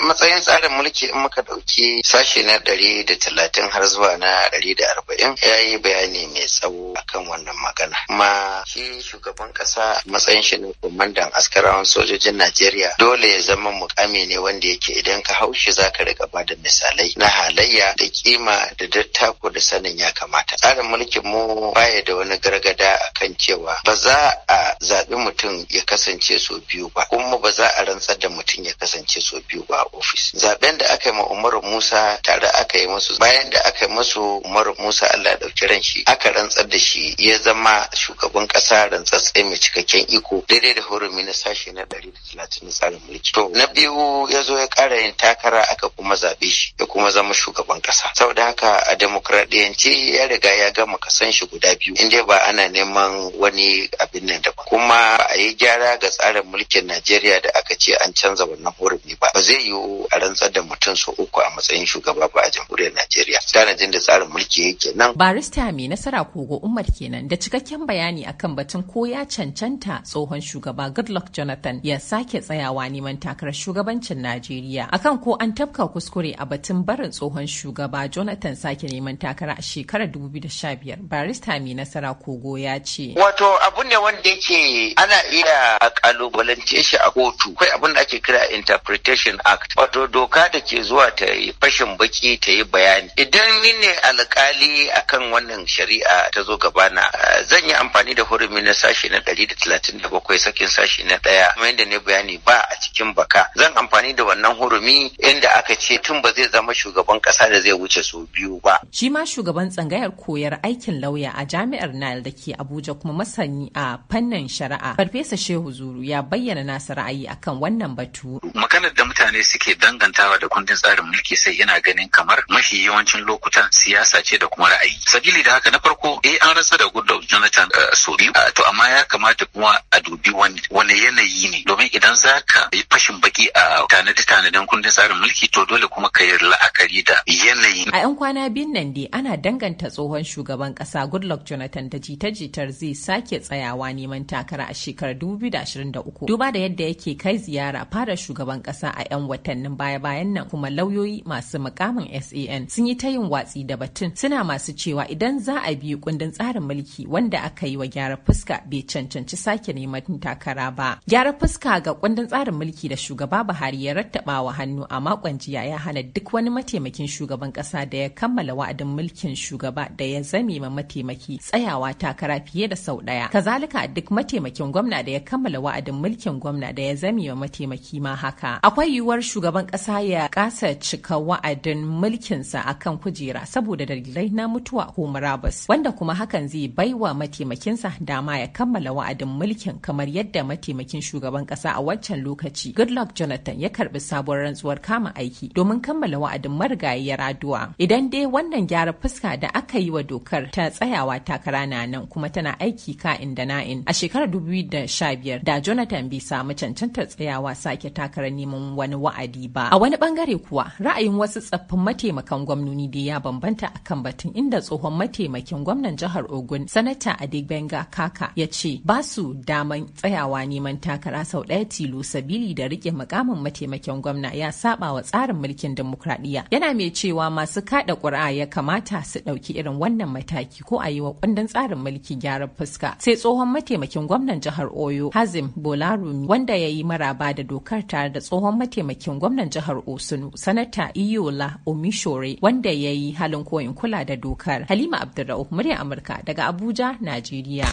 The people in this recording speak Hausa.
matsayin tsarin mulki in muka ɗauki sashe na ɗari da talatin har zuwa na ɗari da arba'in ya yi bayani mai tsawo akan wannan magana ma shi shugaban ƙasa matsayin shi na kwamandan askarawan sojojin najeriya dole ya zama mukami ne wanda yake idan ka hau shi za ka ba bada misalai na halayya da kima da dattako da sanin ya kamata tsarin mulkin mu baya da wani gargada kan cewa ba za a zaɓi mutum ya kasance sau biyu ba kuma ba za a rantsar da mutum ya kasance sau biyu ba a ofis zaben da aka yi ma Umaru Musa tare aka yi masu. bayan da aka yi masu Umaru Musa Allah ɗauki dauki ran shi aka rantsar da shi ya zama shugaban kasa tsaye mai cikakken iko daidai da horo na sashe na talatin na tsarin mulki to na biyu ya zo ya kara yin takara aka kuma zaɓe shi ya kuma zama shugaban kasa saboda haka a demokradiyance ya riga ya gama kasan shi guda biyu inda ba ana neman wani abin nan kuma a yi gyara ga tsarin mulkin Najeriya da aka ce an canza wannan hurumi ba. Ba zai yiwu a rantsar da mutum su uku a matsayin shugaba ba a jamhuriyar Najeriya. tanajin da tsarin mulki yake nan. Barista mai nasara kogo Umar kenan da cikakken bayani akan batun ko ya cancanta tsohon shugaba Goodluck Jonathan ya sake tsayawa neman takarar shugabancin Najeriya. Akan ko an tafka kuskure a batun barin tsohon shugaba Jonathan sake neman takara a shekarar 2015 barista mai nasara kogo ya ce. Wato abu ne wanda yake ana iya kalubalance shi a kotu kai abin da ake kira interpretation act wato doka da ke zuwa ta yi fashin baki ta yi bayani idan ni ne alkali akan wannan shari'a ta zo gaba na, eh, zan yi amfani da hurumi na sashi na ɗari da talatin da bakwai sakin sashi na ɗaya kuma yadda ne bayani ba a cikin baka zan amfani da wannan hurumi inda aka ce tun ba zai zama shugaban ƙasa da zai wuce su biyu ba. Shi ma shugaban tsangayar koyar aikin lauya a jami'ar Nile da ke Abuja kuma masani a fannin shari'a farfesa shehu zuru ya bayyana nasa ra'ayi akan wannan batu maganar da mutane suke dangantawa da kundin tsarin mulki sai yana ganin kamar mafi yawancin lokutan siyasa ce da kuma ra'ayi sabili da haka na farko eh an rasa da goodluck jonathan uh, to amma ya kamata kuma a dubi wani yanayi ne domin idan za ka yi fashin baki a tanade-tanaden kundin tsarin mulki to dole kuma ka yi la'akari da yanayi. A 'yan kwana biyun nan dai ana danganta tsohon shugaban ƙasa Goodluck Jonathan da jita-jitar zai sake tsayawa neman takara a shekarar 2023 duba da yadda yake kai ziyara fara shugaban ƙasa a 'yan watannin baya-bayan nan kuma lauyoyi masu mukamin SAN sun yi ta yin watsi da batun suna masu cewa idan za a biyu kundin tsarin mulki wanda aka yi wa gyara fuska bai cancanci sake neman takara ba. Gyara fuska ga kundin tsarin mulki da shugaba Buhari ya rattaba wa hannu a makon jiya ya hana duk wani mataimakin shugaban kasa da ya kammala wa'adin mulkin shugaba da ya zame ma mataimaki tsayawa takara fiye da sau daya. Kazalika duk mataimakin gwamna da ya kammala wa'adin mulkin gwamna da ya zame ma mataimaki ma haka. Akwai yiwuwar shugaban kasa ya kasa cika wa'adin mulkinsa akan kujera saboda dalilai na mutuwa ko murabus wanda kuma hakan zai baiwa mataimakinsa dama ya kammala wa'adin mulkin kamar yadda mataimakin shugaban kasa a wancan lokaci goodluck jonathan ya karbi sabuwar rantsuwar kama aiki domin kammala wa'adin marigayiyar raduwa. idan dai wannan gyara fuska da aka yi wa dokar ta tsayawa takara na nan kuma tana aiki ka'in da in a shekarar 2015 da jonathan bai samu cancantar tsayawa sake takara neman wani wa'adi ba a wani bangare kuwa ra'ayin wasu tsaffin mataimakan gwamnoni da ya bambanta akan batun inda tsohon mataimakin gwamnan jihar ogun sanata adegbenga kaka ya ce ba su daman tsayawa neman takara sau ɗaya silo sabili da rike mukamin mataimakin gwamna ya saba wa tsarin mulkin demokradiyya yana mai cewa masu kada ƙuri'a ya kamata su ɗauki irin wannan mataki ko a yi wa kundin tsarin mulki gyaran fuska sai tsohon mataimakin gwamnan jihar oyo hazim bolarumi wanda ya yi maraba da dokar tare da tsohon mataimakin gwamnan jihar osunu sanata iyola omishore wanda ya yi halin koyin kula da dokar halima abdulra'uf murya amurka daga abuja najeriya